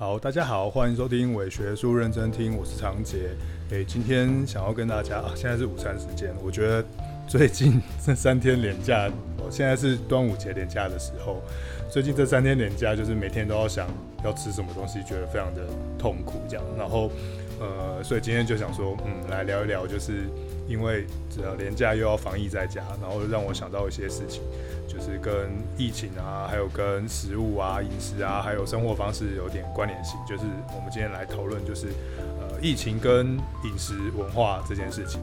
好，大家好，歡迎收聽《偽學術認真聽》，我是長潔。誒，今天想要跟大家、啊，現在是午餐時間。我覺得最近這三天連假，哦、現在是端午節連假的時候，最近這三天連假，就是每天都要想要吃什麼東西，覺得非常的痛苦，這樣。然後，呃，所以今天就想說，嗯，來聊一聊，就是。因為呃連假又要防疫在家，然後讓我想到一些事情，就是跟疫情啊，還有跟食物啊、飲食啊，還有生活方式有點關聯性。就是我們今天來討論，就是呃疫情跟飲食文化這件事情。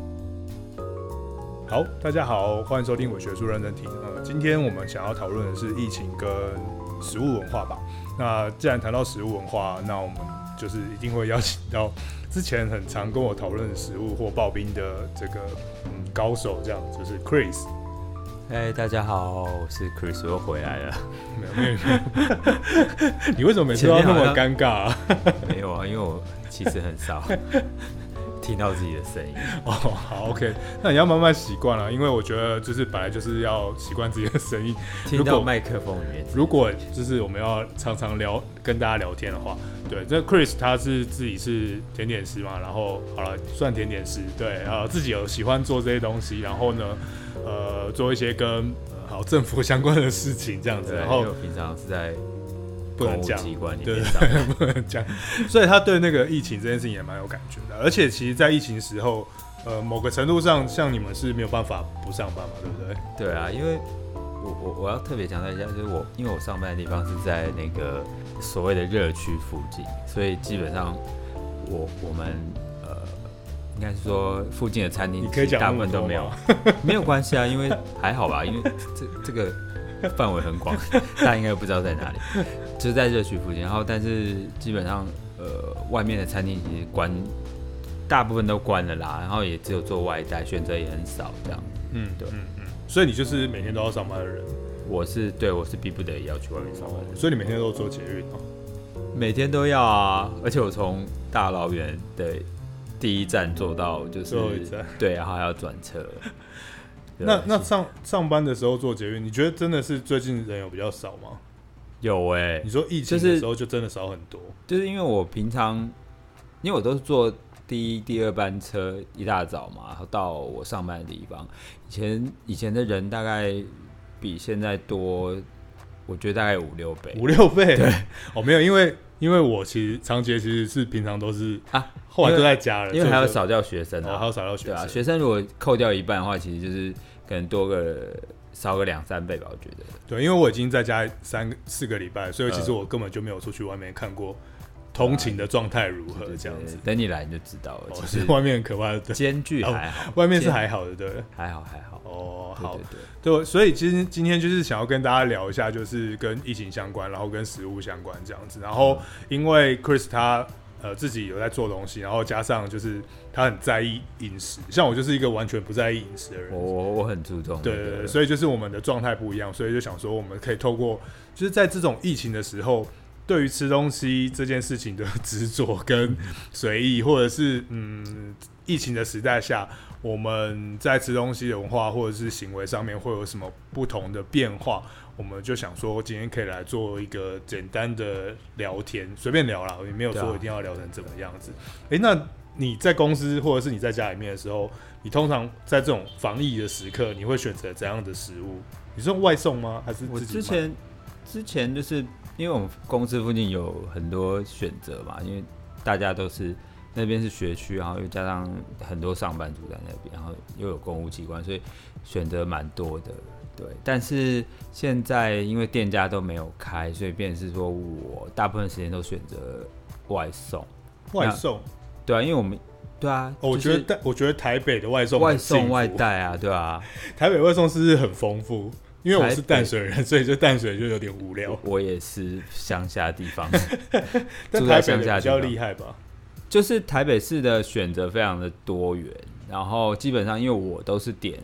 好，大家好，歡迎收聽偽學術認真聽。呃，今天我們想要討論的是疫情跟食物文化吧。那既然談到食物文化，那我們。就是一定會邀請到之前很常跟我討論食物或刨冰的這個高手，這樣就是 Chris。Hey，大家好，我是 Chris，我又回來了。沒有沒有， 你為什麼每次都那麼尷尬、啊？沒有啊，因為我其實很少。 聽到自己的聲音哦，oh, 好，OK，那你要慢慢習慣了，因為我覺得就是本來就是要習慣自己的聲音，聽到麥克風裡面，如果就是我們要常常聊跟大家聊天的話，對，這 Chris 他是自己是甜點師嘛，然後好了，算甜點師，對，自己有喜歡做這些東西，然後呢，呃，做一些跟好政府相關的事情這樣子，然後平常是在。不能講，對，對，對，不能講，所以他對那個疫情這件事情也蠻有感覺的。而且，其實，在疫情時候，呃，某個程度上，像你們是沒有辦法不上班嘛，對不對？對啊，因為我我我要特別強調一下，就是我因為我上班的地方是在那個所謂的熱區附近，所以基本上我我們呃，應該是說附近的餐廳，你可以講大部分都沒有， 沒有關係啊，因為還好吧，因為這這個。範 圍很廣，大家應該不知道在哪裡， 就是在熱區附近。然後，但是基本上，呃，外面的餐廳其實關，大部分都關了啦。然後也只有做外帶，選擇也很少這樣。嗯，對，嗯嗯。所以你就是每天都要上班的人？嗯、我是對，我是逼不得已要去外面上班的人。哦。所以你每天都要坐捷運？每天都要啊，而且我從大老遠的第一站坐到就是後一站，對，然後還要轉車。那那上上班的時候坐捷運，你覺得真的是最近人有比較少嗎？有哎、欸，你說疫情的時候就真的少很多，就是、就是、因為我平常因為我都是坐第一、第二班車一大早嘛，到我上班的地方，以前以前的人大概比現在多，我覺得大概五六倍，五六倍對，哦，沒有因為。因為我其實長期其實是平常都是啊，後來都在家了，啊因，因為還要少掉學生啊，哦，還要少掉學生對、啊。學生如果扣掉一半的話，其實就是可能多個少個兩三倍吧，我覺得。對，因為我已經在家三四個禮拜，所以其實我根本就沒有出去外面看過通勤的狀態如何、啊，這樣子對對對。等你來你就知道了，其，哦、實、就是、外面可怕。間距還好、啊，外面是還好的，對，還好還好。還好哦，好，對，所以其實今天就是想要跟大家聊一下，就是跟疫情相關，然後跟食物相關這樣子。然後因為 Chris 他呃自己有在做東西，然後加上就是他很在意飲食，像我就是一個完全不在意飲食的人。我我很注重，對，對，對，對，所以就是我們的狀態不一樣，所以就想說我們可以透過就是在這種疫情的時候，對於吃東西這件事情的執着跟隨意， 或者是嗯疫情的時代下。我們在吃東西的文化或者是行為上面會有什麼不同的變化？我們就想說今天可以來做一個簡單的聊天，隨便聊啦，我也沒有說一定要聊成怎麼樣子。誒？那你在公司或者是你在家裡面的時候，你通常在這種防疫的時刻，你會選擇怎樣的食物？你是用外送嗎？還是自己之前，之前就是因為我們公司附近有很多選擇嘛，因為大家都是。那邊是學區，然後又加上很多上班族在那邊，然後又有公務機關，所以選擇蠻多的。對，但是現在因為店家都沒有開，所以變成是說我大部分時間都選擇外送。外送？對啊，因為我們對啊，我覺得我覺得台北的外送外送外帶啊，對啊，台北外送是不是很豐富？因為我是淡水人，所以就淡水就有點無聊。我，我也是鄉下地方，住 在台北比較厲害吧。就是台北市的選擇非常的多元，然後基本上因為我都是點，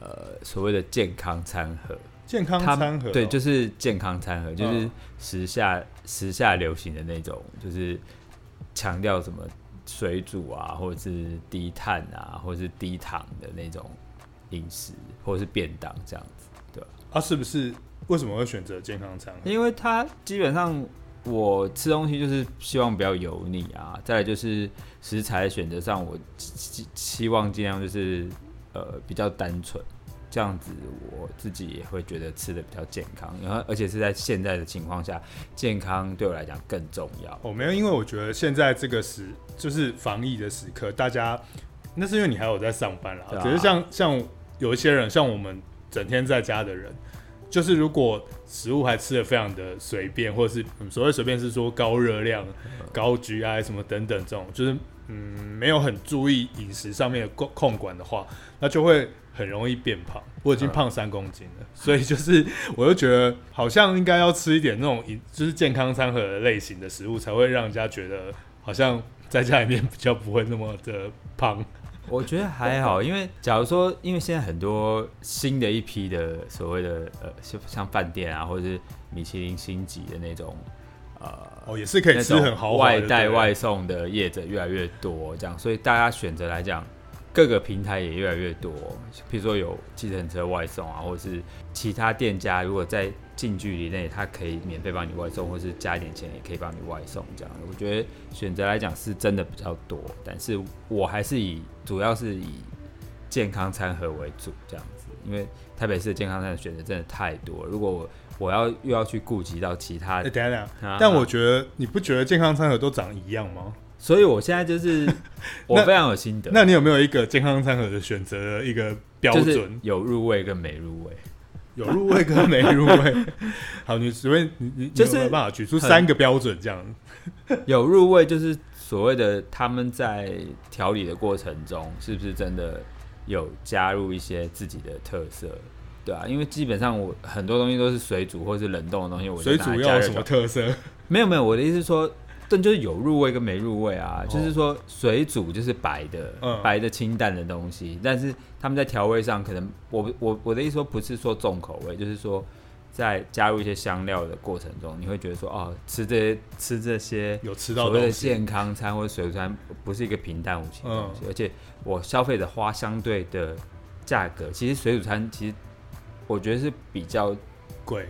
呃所謂的健康餐盒，健康餐盒對，就是健康餐盒，嗯，就是時下時下流行的那種，就是強調什麼水煮啊，或者是低碳啊，或者是低糖的那種飲食，或者是便當這樣子，對啊，是不是？為什麼會選擇健康餐盒？因為它基本上。我吃東西就是希望比較油膩啊，再來就是食材選擇上，我希希望盡量就是呃比較單純，這樣子我自己也會覺得吃的比較健康，然後而且是在現在的情況下，健康對我來講更重要。我、哦、沒有，因為我覺得現在這個時就是防疫的時刻，大家那是因為你還有在上班啦，啊、只是像像有一些人，像我們整天在家的人。就是如果食物還吃的非常的隨便，或者是，嗯、所謂隨便是說高熱量、嗯、高 GI 什麼等等這種，就是嗯沒有很注意飲食上面的控控管的話，那就會很容易變胖。我已經胖三公斤了，嗯，所以就是我又覺得好像應該要吃一點那種就是健康餐盒類型的食物，才會讓人家覺得好像在家裡面比較不會那麼的胖。我覺得還好，因為假如說，因為現在很多新的一批的所謂的呃，像像飯店啊，或者是米其林星級的那種，呃，哦，也是可以吃很豪華的外帶外送的業者越來越多，這樣，所以大家選擇來講。各個平台也越來越多，譬如說有計程車外送啊，或者是其他店家，如果在近距離內，他可以免費幫你外送，或是加一點錢也可以幫你外送這樣。我覺得選擇來講是真的比較多，但是我還是以主要是以健康餐盒為主這樣子，因為台北市的健康餐的選擇真的太多了，如果我我要又要去顧及到其他，欸，等一下，等一下，啊，但我覺得你不覺得健康餐盒都長一樣嗎？所以，我現在就是我非常有心得。 那，那你有沒有一個健康餐盒的選擇的一個標準？就是、有入味跟沒入味， 有入味跟沒入味。 好，你隨便你你就是你有，有辦法取出三個標準這樣？有入味就是所謂的他們在調理的過程中，是不是真的有加入一些自己的特色？對啊，因為基本上我很多東西都是水煮或是冷凍的東西，嗯、我水煮要有什麼特色？沒有沒有，我的意思是說。就是有入味跟沒入味啊，哦、就是說水煮就是白的，嗯、白的清淡的東西，但是他們在調味上可能我，我我我的意思說不是說重口味，就是說在加入一些香料的過程中，你會覺得說哦，吃這些吃這些有吃到，所謂的健康餐或者水煮餐不是一個平淡無奇的東西，嗯，而且我消費的花相對的價格，其實水煮餐其實我覺得是比較。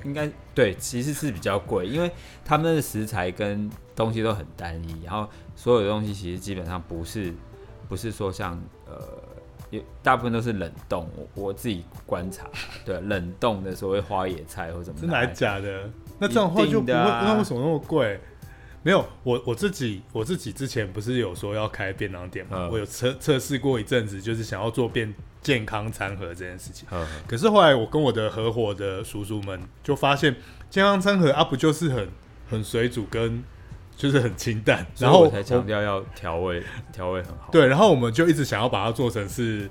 應該對，其實是比較貴，因為他們的食材跟東西都很單一，然後所有的東西其實基本上不是，不是說像呃有，大部分都是冷凍。我我自己觀察，對、啊， 冷凍的所謂花野菜或什麼，真的還是假的？那這樣的話就不會，那、啊、為什麼那麼貴？沒有，我我自己我自己之前不是有說要開便當店嗎？呵呵，我有測測試過一陣子，就是想要做便健康餐盒這件事情呵呵。可是後來我跟我的合夥的叔叔們就發現，健康餐盒啊不就是很很水煮，跟就是很清淡，然後我才強調要調味，調味很好。對，然後我們就一直想要把它做成是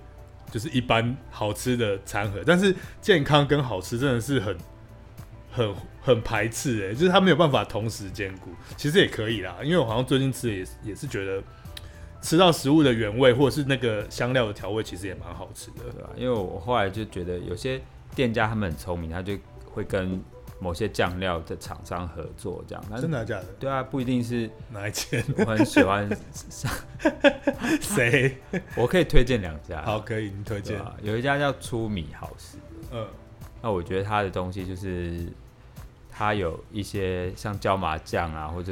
就是一般好吃的餐盒，但是健康跟好吃真的是很。很很排斥哎、欸，就是他沒有辦法同時兼顧，其實也可以啦，因為我好像最近吃的也是也是覺得吃到食物的原味，或者是那個香料的調味，其實也蠻好吃的，對吧、啊？因為我後來就覺得有些店家他們很聰明，他就會跟某些醬料的廠商合作這樣，真的假的？對啊，不一定是哪一間我很喜歡誰 上笑，我可以推薦兩家，好，可以你推薦、啊，有一家叫粗米好食嗯，那我覺得他的東西就是。它有一些像椒麻醬啊，或者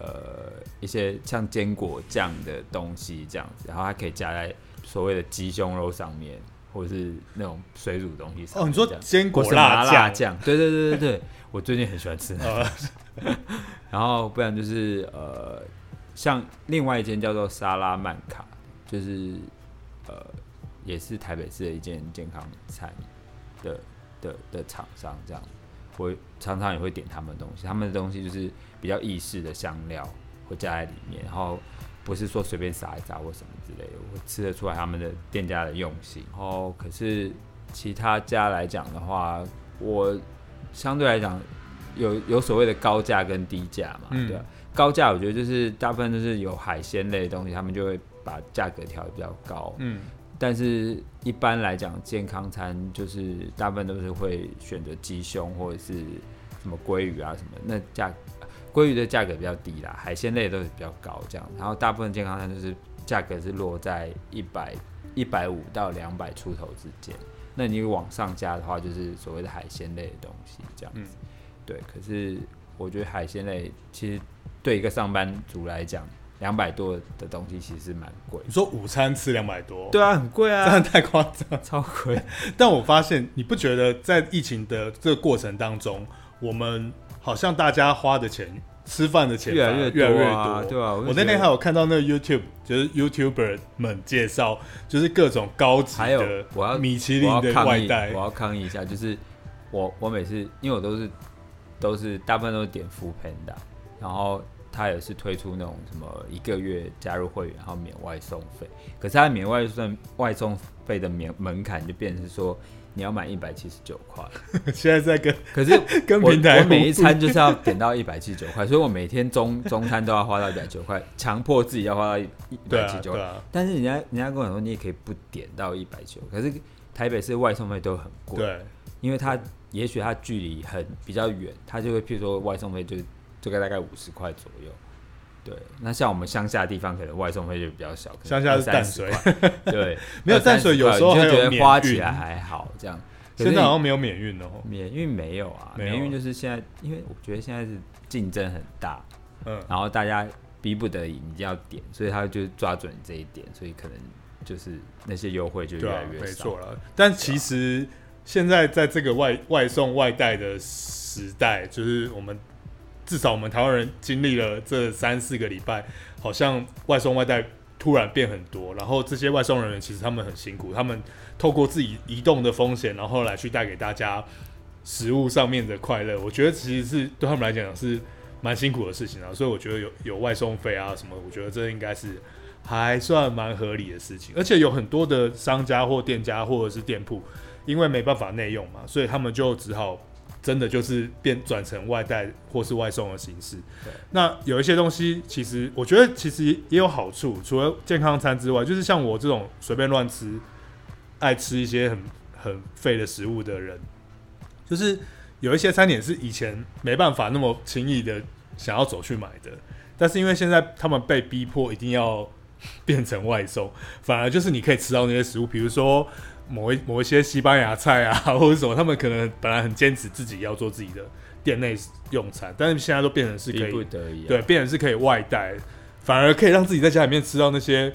呃一些像堅果醬的東西這樣子，然後它可以加在所謂的雞胸肉上面，或者是那種水煮東西上。哦，你說堅果辣醬？辣 對對對對對，我最近很喜歡吃那個。 然後不然就是呃，像另外一間叫做沙拉曼卡，就是呃也是台北市的一間健康餐的的的廠商這樣。我常常也會點他們的東西，他們的東西就是比較意式的香料會加在裡面，然後不是說隨便撒一撒或什麼之類的，我吃得出來他們的店家的用心。然後可是其他家來講的話，我相對來講有有所謂的高價跟低價嘛，嗯、對、啊、高價我覺得就是大部分都是有海鮮類的東西，他們就會把價格調得比較高，嗯。但是，一般來講，健康餐就是大部分都是會選擇雞胸或者是什麼鮭魚啊什麼的，那價鮭魚的價格比較低啦，海鮮類都是比較高這樣。然後大部分健康餐就是價格是落在一百、一百五到兩百出頭之間，那你往上加的話，就是所謂的海鮮類的東西這樣子，嗯。對，可是我覺得海鮮類其實對一個上班族來講。兩百多的東西其實蠻貴。你說午餐吃兩百多？對啊，很貴啊！這樣太誇張，超貴。 但我發現，你不覺得在疫情的這個過程當中，我們好像大家花的錢，嗯、吃飯的錢越來越、啊、越來越多，對啊我，我那天還有看到那個 YouTube，就是 YouTuber 們介紹，就是各種高級的，還有我要米其林的外帶，我要抗議一下，就是我我每次因為我都是都是大部分都是點 foodpanda 的，然後。他也是推出那種什麼一個月加入會員，然後免外送費。可是他的免外送外送費的免門檻就變成說，你要滿一百七十九塊。 現在在跟可是跟平台，我每一餐就是要點到一百七十九塊， 所以我每天中中餐都要花到一百九塊，強迫自己要花到一百七十九。但是人家人家跟我說，你也可以不點到一百九。可是台北市外送費都很貴，對，因為他也許他距離很比較遠，他就會譬如說外送費就是。這個大概五十塊左右，對。那像我們鄉下的地方，可能外送費就比較小，鄉下是淡水， 對， 沒有淡水， 有時候還覺得花起來還好這樣。現在好像沒有免運哦，免運沒有啊？有免運就是現在，因為我覺得現在是競爭很大，嗯，然後大家逼不得已你就要點，所以他就抓準這一點，所以可能就是那些優惠就越來越少。沒錯了，啊，但其實現在在這個外外送外帶的時代，就是我們。至少我們台灣人經歷了這三四個禮拜，好像外送外帶突然變很多，然後這些外送人員其實他們很辛苦，他們透過自己移動的風險，然後來去帶給大家食物上面的快樂。我覺得其實是對他們來講是蠻辛苦的事情啊，所以我覺得有有外送費啊什麼的，我覺得這應該是還算蠻合理的事情。而且有很多的商家或店家或者是店鋪，因為沒辦法內用嘛，所以他們就只好。真的就是變轉成外帶或是外送的形式。對。那有一些東西，其實我覺得其實也有好處。除了健康餐之外，就是像我這種隨便亂吃，愛吃一些很很廢的食物的人，就是有一些餐點是以前沒辦法那麼輕易的想要走去買的，但是因為現在他們被逼迫一定要變成外送，反而就是你可以吃到那些食物，比如說。某一某一些西班牙菜啊，或者什麼，他們可能本來很堅持自己要做自己的店內用餐，但是現在都變成是可以，啊、對，變成是可以外帶，反而可以讓自己在家裡面吃到那些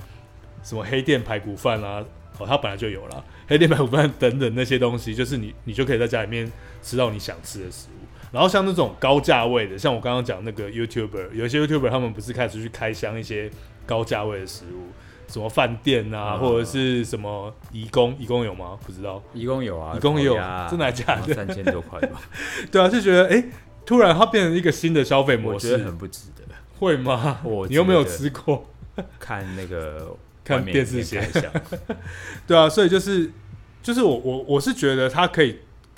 什麼黑店排骨飯啦、啊，哦，它本來就有了黑店排骨飯等等那些東西，就是你你就可以在家裡面吃到你想吃的食物。然後像那種高價位的，像我剛剛講那個 YouTuber，有一些 YouTuber 他們不是開始去開箱一些高價位的食物。什麼飯店啊，啊，或者是什麼？義工？義工、啊、義工，義工有嗎？不知道，義工有啊，義工有啊。真的假的、啊？三千多塊吧？ 對啊，就覺得哎、欸，突然它變成一個新的消費模式，我很不值得，會嗎？我你又沒有吃過， 看那個看電視想想， 對啊，所以就是就是我我我是覺得它可以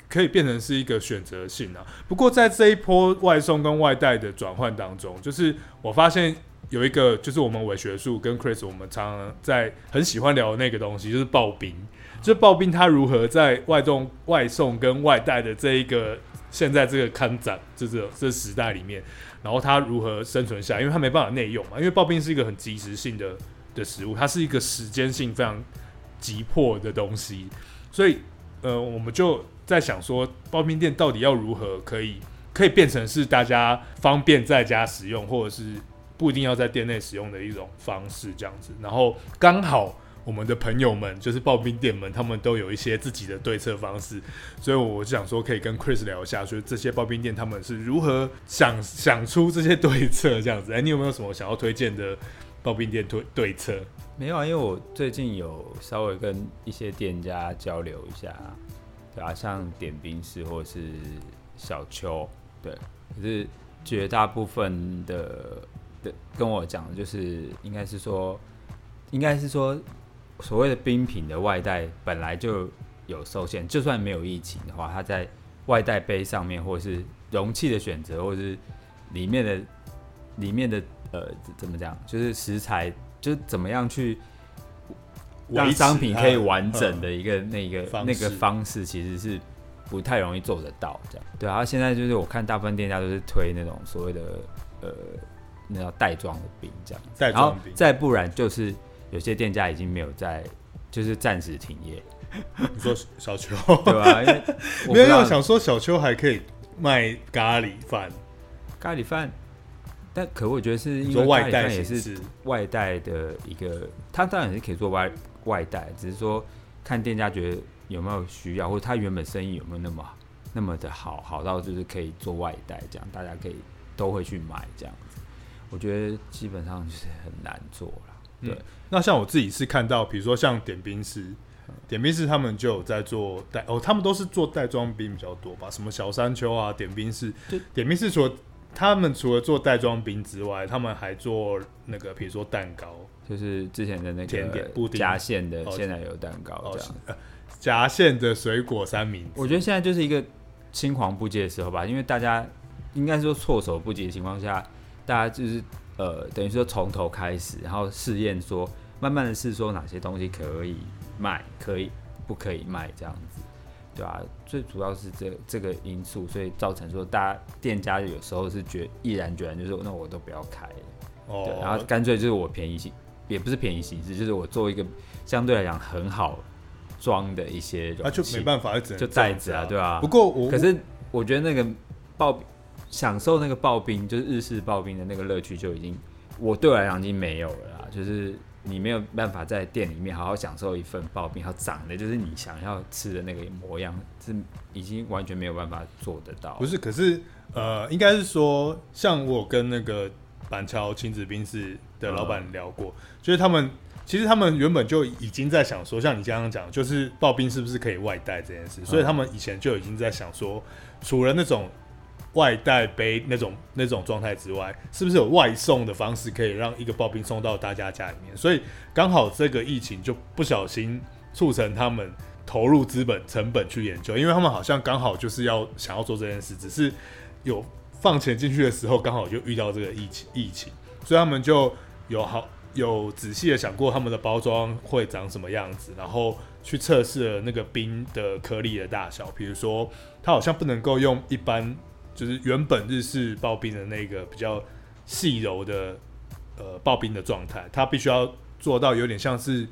可以變成是一個選擇性啊。不過在這一波外送跟外帶的轉換當中，就是我發現。有一個就是我們偽學術跟 Chris，我們常常在很喜歡聊的那個東西，就是刨冰。就是刨冰它如何在外送、外送跟外帶的這一個現在這個開展這這這個這時代裡面，然後它如何生存下來？因為它沒辦法內用嘛，因為刨冰是一個很及時性的的食物，它是一個時間性非常急迫的東西。所以呃，我們就在想說，刨冰店到底要如何可以可以變成是大家方便在家使用，或者是？不一定要在店內使用的一種方式，這樣子。然後剛好我們的朋友們，就是刨冰店們，他們都有一些自己的對策方式，所以我就想說，可以跟 Chris 聊一下，說、就是、這些刨冰店他們是如何想想出這些對策，這樣子。哎、欸，你有沒有什麼想要推薦的刨冰店對對策？沒有啊，因為我最近有稍微跟一些店家交流一下，對啊，像點冰室或是小丘，對，可是絕大部分的。跟我講，就是應該是說，應該是說，所謂的冰品的外帶本來就有受限，就算沒有疫情的話，它在外帶杯上面，或者是容器的選擇，或者是裡面的、裡面的呃怎麼講，就是食材，就是怎麼樣去讓商品可以完整的一個那個那個方式，其實是不太容易做得到這樣。對啊，現在就是我看大部分店家都是推那種所謂的呃。那叫袋裝的冰這樣。袋裝冰，再不然就是有些店家已經沒有在，就是暫時停業。你說小秋 對吧？啊，沒有沒有，想說小秋還可以賣咖喱飯。咖喱飯，但可我覺得是因為外帶也是外帶的一個，他當然也是可以做外外帶，只是說看店家覺得有沒有需要，或者他原本生意有沒有那麼那麼的好，好到就是可以做外帶這樣，大家可以都會去買這樣。我覺得基本上是很難做了。對、嗯，那像我自己是看到，比如說像點冰室，點冰室他們就有在做帶哦，他們都是做袋裝冰比較多吧，什麼小山丘啊，點冰室，點冰室除了他們除了做袋裝冰之外，他們還做那個，比如說蛋糕，就是之前的那個甜點布丁夾餡的鮮奶油蛋糕這樣，夾、哦、餡、哦啊、的水果三明治。我覺得現在就是一個青黃不接的時候吧，因為大家應該說措手不及的情況下。嗯大家就是呃，等於說，從頭開始，然後試驗說，慢慢的試說，哪些東西可以賣，可以不可以賣這樣子，對吧、啊？最主要是這這個因素，所以造成說，大家店家有時候是決毅然決然，就是那我都不要開了，哦，然後乾脆就是我便宜也不是便宜形式，就是我做一個相對來講很好裝的一些，就沒辦法，就袋子啊，對吧、啊？不過我可是我覺得那個爆。享受那個刨冰，就是日式刨冰的那個樂趣，就已經我對我來講已經沒有了啦。就是你沒有辦法在店裡面好好享受一份刨冰，它長的就是你想要吃的那個模樣，是已經完全沒有辦法做得到。不是，可是呃，應該是說，像我跟那個板橋晴子冰室的老闆聊過、嗯，就是他們其實他們原本就已經在想說，像你剛剛講，就是刨冰是不是可以外帶這件事、嗯，所以他們以前就已經在想說，除、嗯、了那種。外帶杯那種那種狀態之外，是不是有外送的方式可以讓一個刨冰送到大家家裡面？所以剛好這個疫情就不小心促成他們投入資本成本去研究，因為他們好像剛好就是要想要做這件事，只是有放錢進去的時候剛好就遇到這個疫情，疫情，所以他們就有好有仔細的想過他們的包裝會長什麼樣子，然後去測試了那個冰的顆粒的大小，比如說它好像不能夠用一般，就是原本日式刨冰的那個比較細柔的呃刨冰的狀態，它必須要做到有點像是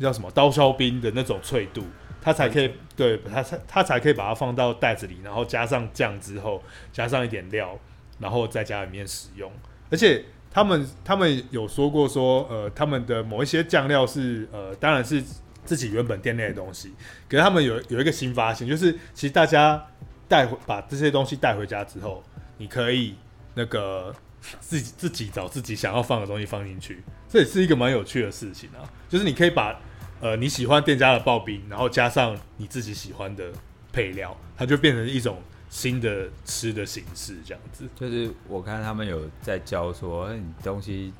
叫什麼刀削冰的那種脆度，它才可以對，對它才它才可以把它放到袋子裡，然後加上醬之後，加上一點料，然後在家裡面使用。而且他們他們有說過說呃他們的某一些醬料是呃當然是自己原本店內的東西，可是他們有有一個新發現，就是其實大家。帶回把這些東西帶回家之後，你可以那個自己自己找自己想要放的東西放進去，這也是一個蠻有趣的事情啊。就是你可以把呃你喜歡店家的刨冰，然後加上你自己喜歡的配料，它就變成一種新的吃的形式，這樣子。就是我看他們有在教說，你東西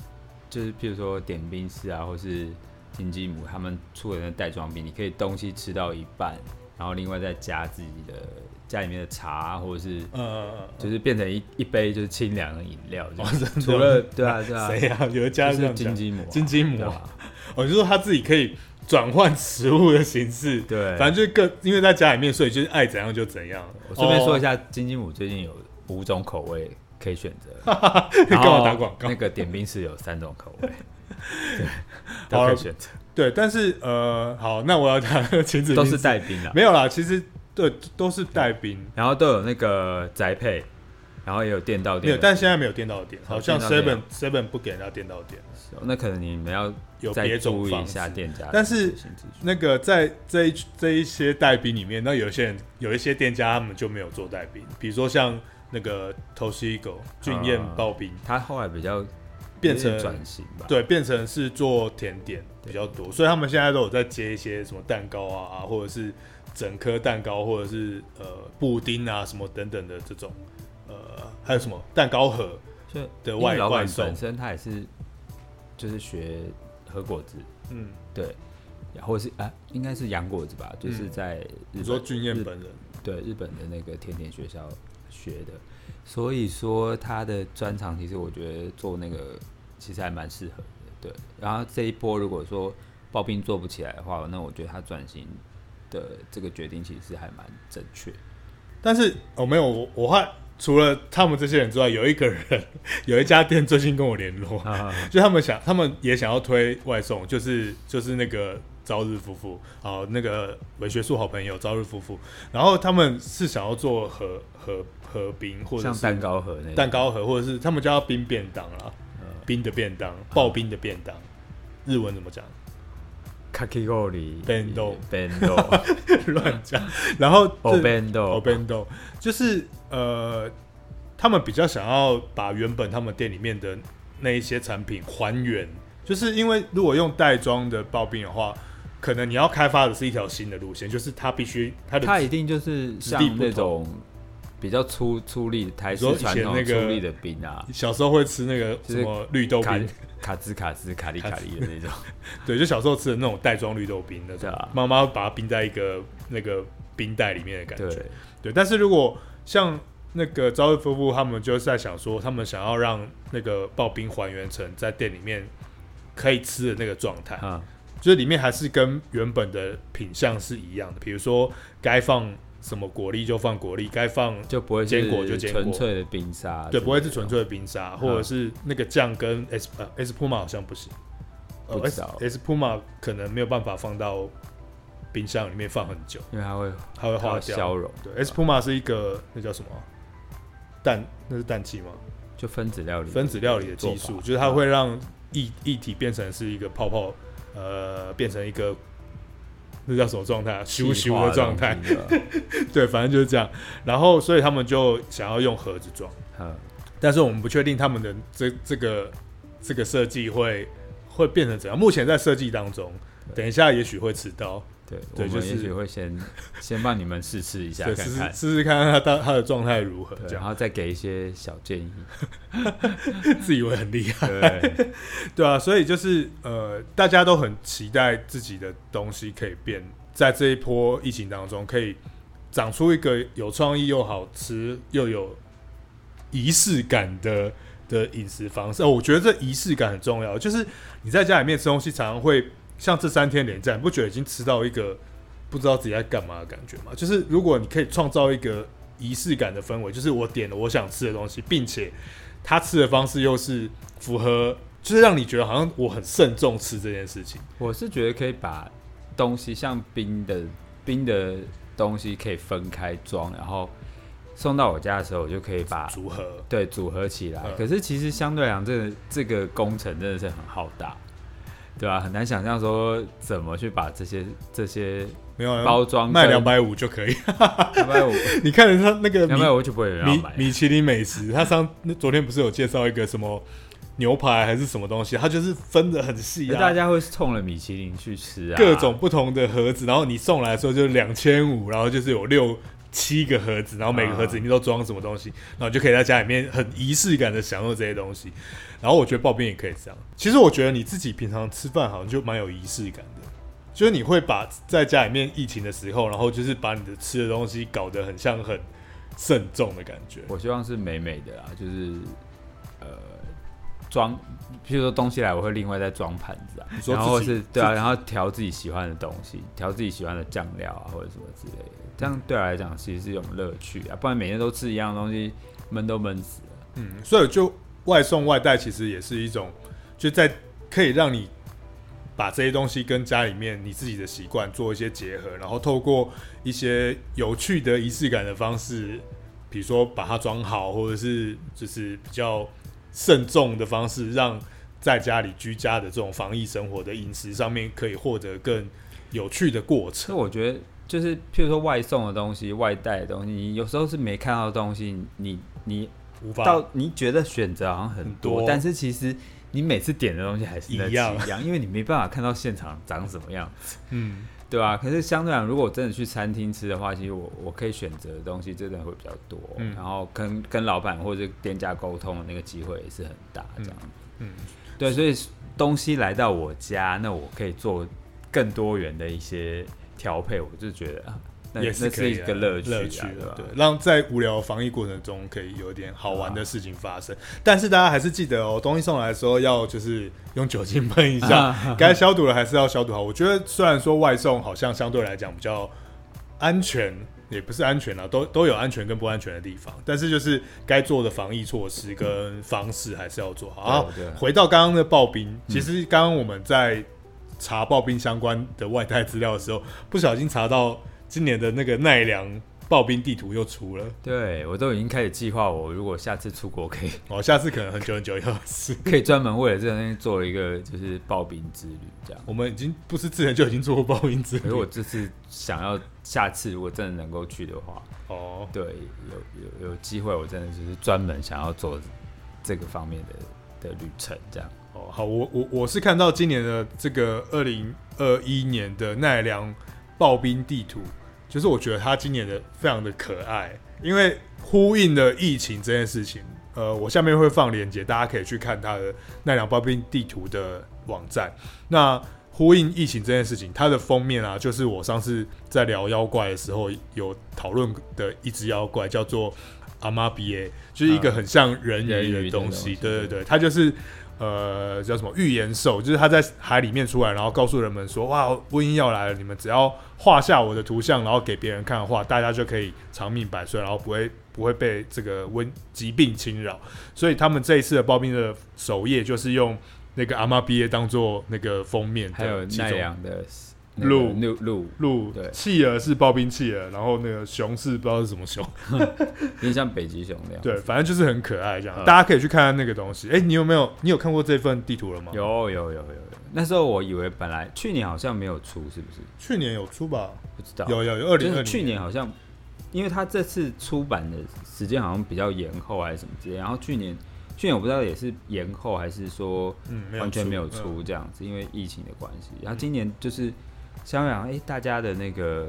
就是譬如說點冰室啊，或是金雞母，他們出的那袋裝冰，你可以東西吃到一半，然後另外再加自己的。家裡面的茶、啊，或者是、嗯嗯、就是變成一一杯就是清涼的飲料、嗯就哦的，除了對啊，是啊，啊，有人家、就是金雞母、啊，金雞母啊，我就、啊哦、說他自己可以轉換食物的形式，對，反正就是各，因為在家裡面，所以就是愛怎樣就怎樣。我順便說一下，哦、金雞母最近有五種口味可以選擇，跟 我打廣告。那個點冰室有三種口味， 對，都可以選擇。對，但是呃，好，那我要講晴子冰室都是帶冰了，沒有啦，其實。對，都是帶兵，嗯，然後都有那個宅配，然後也有店到店。沒有，但現在沒有店到店，好像 seven seven 不給人家店到店，嗯。那可能你們要再注意一下店家，嗯。但是那個在這一這一些帶兵裡面，嗯，那有些人有一些店家他們就沒有做帶兵，比如說像那個 Tosigo 俊，嗯，彥刨冰，呃，他後來比較變成轉型吧，對，變成是做甜點比較多，所以他們現在都有在接一些什麼蛋糕啊，啊或者是。整顆蛋糕，或者是呃布丁啊什麼等等的這種，呃，還有什麼蛋糕盒的外觀。老闆本身他也是就是學和果子，嗯，對，然後是啊，應該是洋果子吧，就是在日、嗯、你說俊彥本人日，對，日本的那個甜點學校學的，所以說他的專長其實我覺得做那個其實還蠻適合的，對。然後這一波如果說刨冰做不起來的話，那我覺得他轉型的這個決定其實還蠻正確，但是哦，沒有我我話，除了他們這些人之外，有一個人有一家店最近跟我聯絡啊啊，就他們想他們也想要推外送，就是就是那個朝日夫婦哦，那個偽學術好朋友朝日夫婦，然後他們是想要做和和和冰或者像蛋糕盒那蛋糕盒或者是，或者是他們叫冰便當了、啊，冰的便當刨冰的便當，啊、日文怎麼講？卡奇糕里，冰豆，冰豆，亂講。然後，哦，冰豆，哦，冰豆，就是呃，他們比較想要把原本他們店裡面的那一些產品還原，就是因為如果用袋裝的刨冰的話，可能你要開發的是一條新的路線，就是它必須，它一定就是像，像那種比較粗粗粒的台式傳統、那個、粗粒的冰啊。小時候會吃那個什麼綠豆餅、就是 卡茲卡茲卡利卡利的那種， 對，就小時候吃的那種袋裝綠豆冰的媽媽把它冰在一個那個冰袋裡面的感覺，對。對但是如果像那個朝日夫婦他們就是在想說，他們想要讓那個刨冰還原成在店裡面可以吃的那個狀態，嗯，就是裡面還是跟原本的品相是一樣的，比如說該放。什麼果粒就放果粒，該放就，就不會堅果就堅果，純粹的冰沙、啊、對，對，不會是純粹的冰沙，或者是那個醬跟 S、呃、S PUMA 好像不行，S、呃、S PUMA 可能沒有辦法放到冰箱裡面放很久，因為它會它會化消融對、啊、，S PUMA 是一個那叫什麼氮？那是氮氣嗎？就分子料理，分子料理的技術，就是它會讓液液體變成是一個泡泡，呃，變成一個。這叫什麼狀態、啊？羞羞的狀態， 對，反正就是這樣。然後，所以他們就想要用盒子裝，但是我們不確定他們的這這個這個設計會會變成怎樣。目前在設計當中，等一下也許會遲到。對，對我們也許會先、就是、先幫你們試吃一下看看試，試試看看他他的狀態如何對，然後再給一些小建議。 自以為很厲害，對， 對啊，所以就是呃，大家都很期待自己的東西可以變，在這一波疫情當中，可以長出一個有創意又好吃又有儀式感的的飲食方式。哦，我覺得這儀式感很重要，就是你在家裡面吃東西常常會。像這三天連假，不覺得已經吃到一個不知道自己在幹嘛的感覺嗎？就是如果你可以創造一個儀式感的氛圍，就是我點了我想吃的東西，並且他吃的方式又是符合，就是讓你覺得好像我很慎重吃這件事情。我是覺得可以把東西像冰的冰的東西可以分開裝，然後送到我家的時候，我就可以把組合對組合起來，嗯。可是其實相對來講，這個，這這個工程真的是很浩大。對啊，很難想象說怎麼去把這些這些沒有包裝賣兩百五就可以，哈哈兩百五。250, 你看人家那個兩百五就不會有人買了。米米其林美食，他上昨天不是有介紹一個什麼牛排還是什麼東西？他就是分得很細啊，大家會衝了米其林去吃啊。各種不同的盒子，然後你送來的時候就兩千五，然後就是有六，七個盒子，然後每個盒子裡面都裝什麼東西，嗯，然後就可以在家裡面很儀式感的享受這些東西。然後我覺得刨冰也可以這樣。其實我覺得你自己平常吃飯好像就蠻有儀式感的，就是你會把在家裡面疫情的時候，然後就是把你的吃的東西搞得很像很慎重的感覺。我希望是美美的啦，啊，就是呃裝，譬如說東西來，我會另外再裝盤子，啊說，然後是對啊，然後調自己喜歡的東西，調自己喜歡的醬料啊，或者什麼之類的。這樣對我來講其實是一種樂趣啊，不然每天都吃一樣東西，悶都悶死了。嗯，所以就外送外帶其實也是一種，就在可以讓你把這些東西跟家裡面你自己的習慣做一些結合，然後透過一些有趣的儀式感的方式，比如說把它裝好，或者是就是比較慎重的方式，讓在家裡居家的這種防疫生活的飲食上面可以獲得更有趣的過程。我覺得。就是譬如說外送的東西、外帶的東西，你有時候是沒看到的東西，你你到無法你覺得選擇好像很多，很多，但是其實你每次點的東西還是一樣一樣，因為你沒辦法看到現場長什麼樣子，嗯，對吧、啊？可是相對來講，如果真的去餐廳吃的話，其實我我可以選擇的東西真的會比較多，嗯、然後跟跟老闆或者店家溝通的那個機會也是很大，這樣子、嗯，嗯，對，所以東西來到我家，那我可以做更多元的一些。調配，我就覺得啊，也是可以的，那是一個樂趣的、樂趣的啊。對，讓在無聊防疫過程中可以有一點好玩的事情發生，啊。但是大家還是記得哦，東西送來的時候要就是用酒精噴一下，該、啊、消毒的還是要消毒好，啊。我覺得雖然說外送好像相對來講比較安全，也不是安全啊，都都有安全跟不安全的地方。但是就是該做的防疫措施跟方式還是要做好。啊、嗯、回到剛剛的刨冰，嗯，其實剛剛我們在。查刨冰相關的外帶資料的時候，不小心查到今年的那個奈良刨冰地圖又出了。對，我都已經開始計劃我，我如果下次出國可以。哦，下次可能很久很久要以後，是可以專門為了這個東西做一個就是刨冰之旅，這樣。我們已經不是之前就已經做過刨冰之旅，如果我這次想要下次如果真的能夠去的話，哦，對，有有有機會，我真的就是專門想要做這個方面的的旅程，這樣。好，我我我是看到今年的這個二零二一年的奈良刨冰地圖，就是我覺得它今年的非常的可愛，因為呼應了疫情這件事情。呃，我下面會放鏈接，大家可以去看它的奈良刨冰地圖的網站。那呼應疫情這件事情，它的封面啊，就是我上次在聊妖怪的時候有討論的一隻妖怪叫做阿瑪比耶，就是一個很像人魚的東西。啊，對對對，它就是。呃，叫什麼預言獸？就是他在海裡面出來，然後告訴人們說：“哇，瘟疫要來了！你們只要畫下我的圖像，然後給別人看的話，大家就可以長命百歲，然後不會不會被這個瘟疾病侵擾。”所以他們這一次的刨冰的首頁就是用那個阿媽畢業當做那個封面，還有奈良的。那個、鹿鹿鹿，鹿，鹿對，企鵝是刨冰企鵝，然後那個熊是不知道是什麼熊，有點 像北極熊那樣子。對，反正就是很可愛這樣、嗯。大家可以去看，看那個東西。哎，、欸，你有沒有？你有看過這份地圖了嗎？有有有有有。那時候我以為本來去年好像沒有出，是不是？去年有出吧？不知道。有有有。二零二去年好像，因為他這次出版的時間好像比較延後還是什麼之類。然後去年去年我不知道也是延後還是說完全沒有出這樣子，因為疫情的關係。然後今年就是。香港哎，大家的那個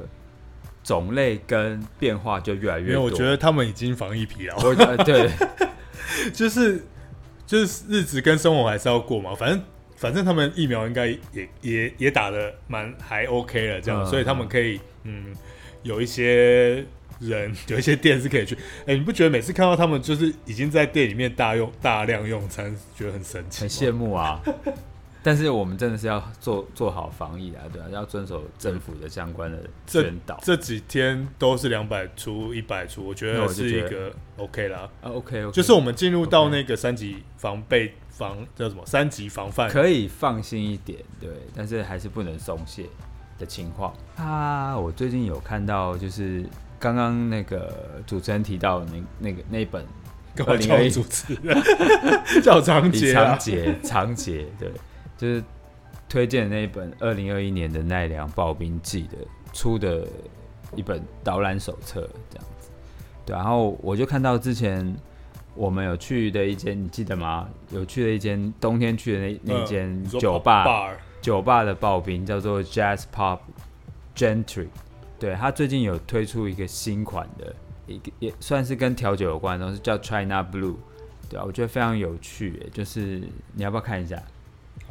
種類跟變化就越來越，因為我覺得他們已經防疫疲勞了我。對， 就是就是日子跟生活還是要過嘛，反正反正他們疫苗應該也也也打得蠻還 OK 了，這樣，嗯，所以他們可以嗯有一些人有一些店是可以去。哎，你不覺得每次看到他們就是已經在店裡面大用大量用餐，覺得很神奇，很羨慕啊？ 但是我們真的是要做做好防疫啊，對啊，要遵守政府的相關的宣導、嗯這。這幾天都是兩百出、一百出，我覺得，我覺得是一個 OK 啦，啊、OK, OK。就是我們進入到那個三級防備、OK、防、防叫什麼三級防範，可以放心一點，對。但是還是不能鬆懈的情況啊。我最近有看到，就是剛剛那個主持人提到的那、那個那一本剛剛叫我什麼主持人 叫長潔、啊、長潔長潔對。就是推薦那一本二零二一年的奈良刨冰記的出的一本導覽手冊這樣子，對，然後我就看到之前我們有去的一間，你記得嗎？有去的一間冬天去的那那間酒吧，呃 Zobar，酒吧的刨冰叫做 Jazz Pop Gentry，對，他最近有推出一個新款的，一個也算是跟調酒有關的，的東西，叫 China Blue，對啊，我覺得非常有趣，就是你要不要看一下？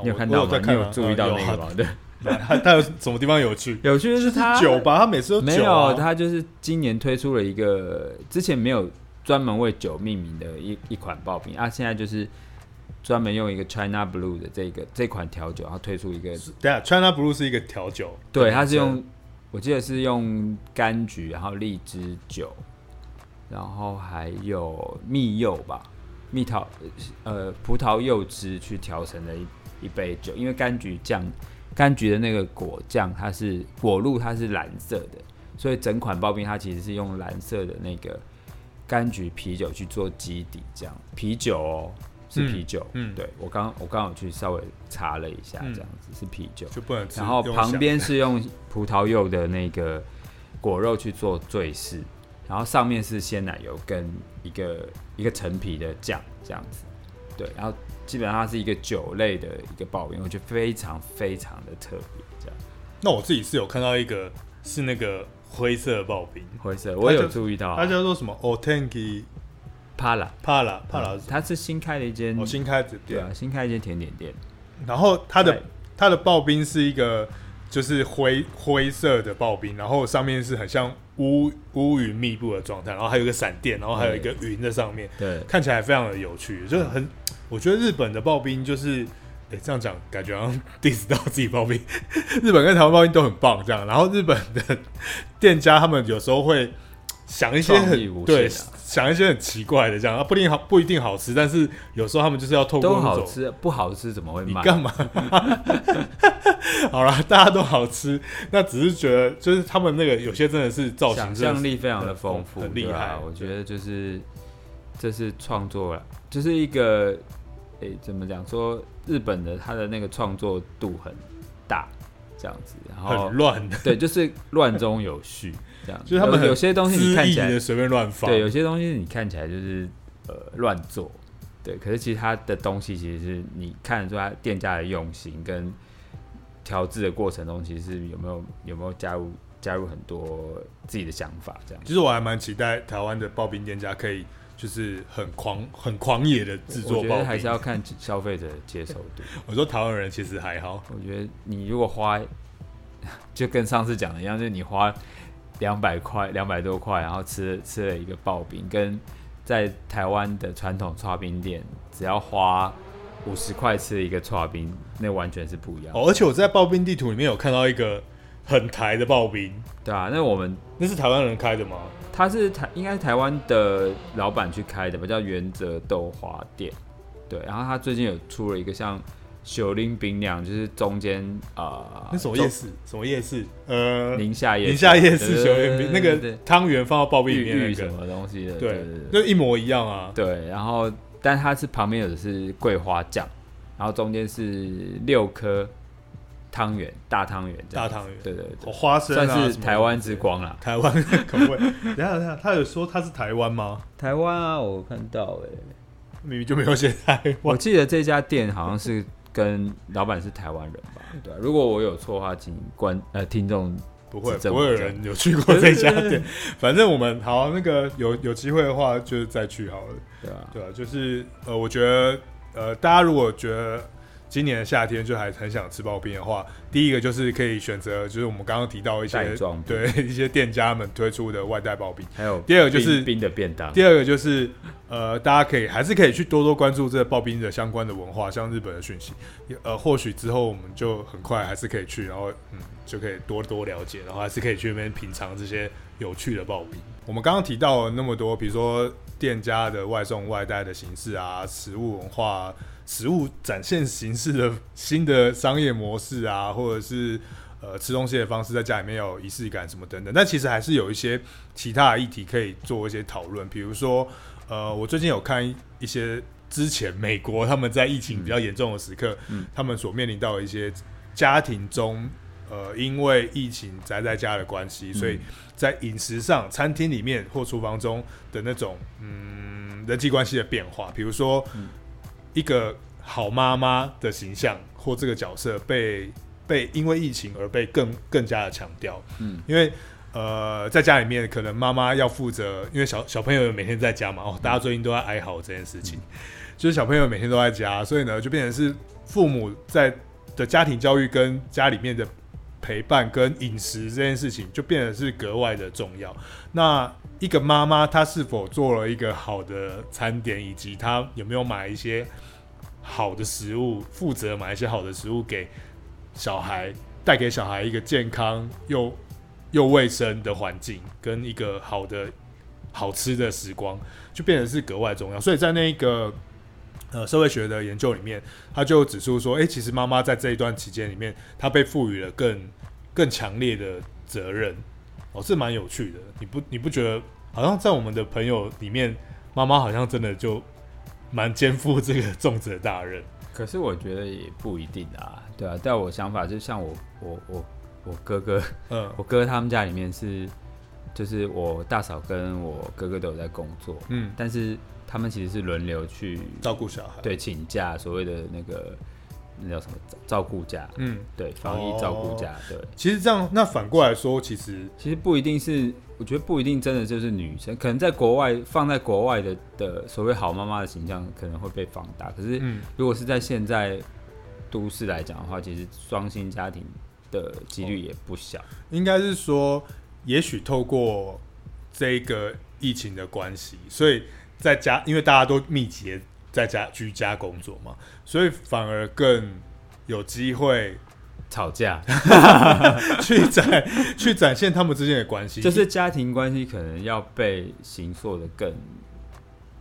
你有看到嗎？我我有，看啊、你有注意到那個嗎？對、啊，他 他，他有什麼地方有趣？有趣的是他酒吧，他每次都、啊、沒有。他就是今年推出了一個之前沒有專門為酒命名的一一款刨冰，啊，現在就是專門用一個 China Blue 的這個這款調酒，然後推出一個。等一下 China Blue 是一個調酒，對，它是用我記得是用柑橘，然後荔枝酒，然後還有蜜柚吧，蜜桃呃葡萄柚汁去調成的。一。一杯酒，因為柑橘醬、柑橘的那個果醬，它是果露，它是藍色的，所以整款刨冰它其實是用藍色的那個柑橘啤酒去做基底，這樣。啤酒哦，是啤酒，嗯，對我剛我剛好去稍微查了一下，這樣子、嗯、是啤酒，就不能吃，然後旁邊是用葡萄柚的那個果肉去做綴飾，然後上面是鮮奶油跟一個一個陳皮的醬，這樣子。對，然後基本上它是一個酒類的一個刨冰，我覺得非常非常的特別。這樣，那我自己是有看到一個是那個灰色刨冰，灰色，我有注意到啊，他叫做什麼 Otanky Pala Pala Pala，他是新開的一間，哦，新開的，對啊，新開一間甜點店。然後他的他的刨冰是一個就是灰灰色的刨冰，然後上面是很像。烏烏雲密布的狀態，然後還有一個閃電，然後還有一個雲在上面對，對，看起來還非常的有趣，就很，我覺得日本的刨冰就是，哎，這樣講感覺好像 diss 到自己刨冰，日本跟台灣刨冰都很棒，這樣，然後日本的店家他們有時候會。想一些很、啊、對，想一些很奇怪的這樣啊，不一定好，不一定好吃，但是有時候他們就是要透過，走。都好吃，不好吃怎麼會買？你干嘛？ 好了，大家都好吃，那只是覺得就是他們那個有些真的是造型是想象力非常的豐富，厲害、啊。我覺得就是這是創作了，就是一個哎、欸，怎麼講說日本的他的那個創作度很大。這樣子，然後很亂的，對，就是亂中有序 這樣子。所、就是、他們有些東西你看起來隨便亂放，對，有些東西你看起來就是呃亂做，對。可是其實他的東西其實是你看得出他店家的用心跟調製的過程中，其實是有沒有、有沒有加入、加入很多自己的想法這樣。其實我還蠻期待台灣的刨冰店家可以，就是很狂，很狂野的製作，我覺得還是要看消費者接受度。 我說台灣人其實還好，我覺得你如果花，就跟上次講的一樣，就是你花兩百塊、兩百多塊，然後吃了吃了一個刨冰，跟在台灣的傳統刨冰店只要花五十塊吃一個刨冰，那個，完全是不一樣。哦，而且我在刨冰地圖裡面有看到一個。很台的刨冰，對啊，那我們那是台灣人開的嗎？他是，是台，應該是台灣的老闆去開的吧，叫原則豆花店。對，然後他最近有出了一個像雪零冰涼，就是中間啊，呃、那什麼夜市，什麼夜市，呃，寧夏夜寧夏夜市雪零冰，對對對對對對對，那個湯圓放到刨冰裡面、那個，玉玉什麼東西的？對，對，就一模一樣啊。對，然後但它是旁邊有的是桂花醬，然後中間是六顆。湯圓，大湯圓，大湯圓，對對對，花生算是台灣之光啦。台灣可不可以。 等下，等下，他有說他是台灣嗎？台灣啊，我看到哎、欸，明明就沒有寫台灣。我記得這家店好像是跟老板是台灣人吧？對、啊、如果我有錯的話請，請觀呃聽眾不會，不會有人有去過這家店。 反正我們好，那個有有機會的話就是再去好了。對啊，對啊，就是呃，我覺得呃，大家如果覺得。今年的夏天就還很想吃刨冰的話，第一個就是可以選擇，就是我們剛剛提到一些對一些店家們推出的外帶刨冰，還有第二個就是冰，冰的便當。第二個就是呃，大家可以還是可以去多多關注這個刨冰的相關的文化，像日本的訊息。呃，或許之後我們就很快還是可以去，然後嗯就可以多多了解，然後還是可以去那邊品嘗這些有趣的刨冰。我們剛剛提到了那麼多，比如說店家的外送、外帶的形式啊，食物文化。食物展現形式的新的商業模式啊，或者是呃吃東西的方式，在家裡面有儀式感什麼等等，但其實還是有一些其他的議題可以做一些討論，比如說呃，我最近有看一些之前美國他們在疫情比較嚴重的時刻，他們所面臨到的一些家庭中呃因為疫情宅在家的關係，所以在飲食上、餐廳裡面或廚房中的那種嗯人際關係的變化，比如說。一個好媽媽的形象，或這個角色被被因為疫情而被更更加的強調，嗯，因為呃，在家裡面可能媽媽要負責，因為小小朋友有每天在家嘛，哦，大家最近都在哀嚎這件事情，嗯，就是小朋友每天都在家，所以呢，就變成是父母在的家庭教育跟家裡面的陪伴跟飲食這件事情，就變得是格外的重要。那一個媽媽，她是否做了一個好的餐點，以及她有沒有買一些好的食物，負責買一些好的食物給小孩，帶給小孩一個健康又又衛生的環境，跟一個好的好吃的時光，就變得是格外重要。所以在那個呃社會學的研究裡面，他就指出說，誒，其實媽媽在這一段期間裡面，她被賦予了更更強烈的責任。哦，是蠻有趣的，你不你不覺得好像在我們的朋友裡面，媽媽好像真的就蠻肩負這個粽子的大任。可是我覺得也不一定啊，對啊。但我想法就是像我我我我哥哥，嗯，我哥哥他們家裡面是，就是我大嫂跟我哥哥都有在工作，嗯，但是他們其實是輪流去照顧小孩，對，請假所謂的那個。那叫什麼照照顧家？嗯，對，防疫照顧家。哦，對。其實這樣，那反過來說，其實其實不一定是，我覺得不一定真的就是女生，可能在國外放在國外的的所謂好媽媽的形象可能會被放大。可是，嗯、如果是在現在都市來講的話，其實雙薪家庭的幾率也不小。哦，應該是說，也許透過這個疫情的關係，所以在家，因為大家都密集。在家居家工作嘛，所以反而更有機會吵架， 去展 去展現他們之間的關係。就是家庭關係，可能要被形塑的更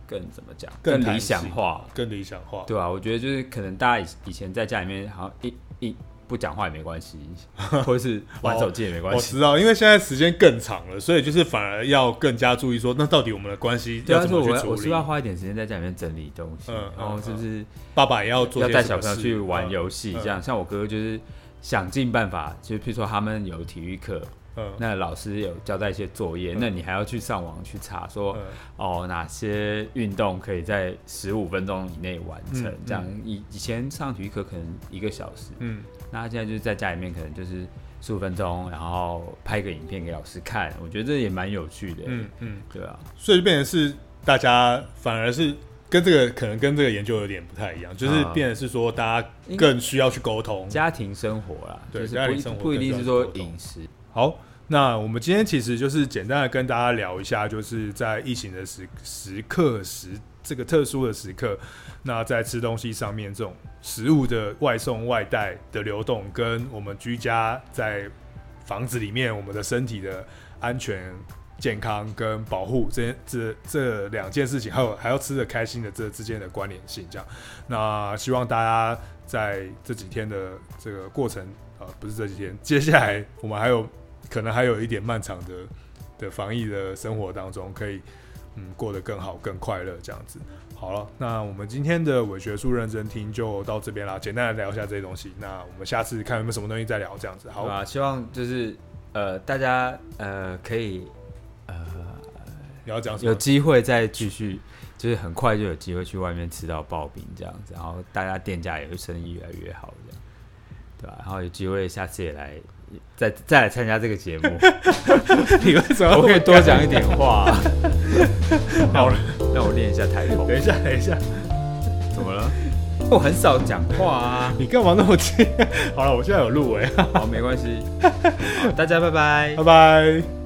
更怎麼講？更理想化，更理想化，對啊，我覺得就是可能大家以以前在家裡面好像一一。不講話也沒關係，或 者是玩手機也沒關係、哦。我知道，因為現在時間更長了，所以就是反而要更加注意說，那到底我們的關係要怎麼？但、啊、是我，我我是要花一點時間在家裡面整理東西，嗯、然後、就是不是、嗯嗯嗯、爸爸也要做要帶小朋友去玩遊戲、嗯？這樣，嗯嗯、像我哥哥就是想盡辦法，就譬如說他們有體育課、嗯，那老師有交代一些作業，嗯、那你還要去上網去查說、嗯、哦，哪些運動可以在十五分鐘以內完成、嗯？這樣，以、嗯、以前上體育課可能一個小時，嗯。那他現在就是在家裡面，可能就是十五分鐘，然後拍個影片給老師看，我覺得這也蠻有趣的。嗯嗯，對啊，所以變成是大家反而是跟這個可能跟這個研究有點不太一樣，就是變得是說大家更需要去溝通、嗯、家庭生活啦，就是、對，不不一定是說飲食。好，那我們今天其實就是簡單的跟大家聊一下，就是在疫情的時時刻時，這個特殊的時刻，那在吃東西上面，這種食物的外送外帶的流動，跟我們居家在房子裡面，我們的身體的安全、健康跟保護這這這兩件事情，還有還要吃的開心的這之間的關聯性，這樣。那希望大家在這幾天的這個過程，啊，不是這幾天，接下來我們還有可能還有一點漫長的的防疫的生活當中，可以。嗯，過得更好、更快樂這樣子。好了，那我們今天的偽學術認真聽就到這邊啦。簡單的聊一下這些東西，那我們下次看有沒有什麼東西再聊這樣子。好，啊、希望就是呃大家呃可以呃聊有機會再繼續，就是很快就有機會去外面吃到刨冰這樣子，然後大家店家也會生意越來越好這樣，對吧、啊？然後有機會下次也來。再再來參加這個節目， 我可以多講一點話，啊 讓。好了，讓我練一下台風。等一下，等一下， 怎麼了？ 我很少講話啊。你幹嘛那麼急？好了，我現在有錄誒、欸。 好，沒關係。大家拜拜，拜拜。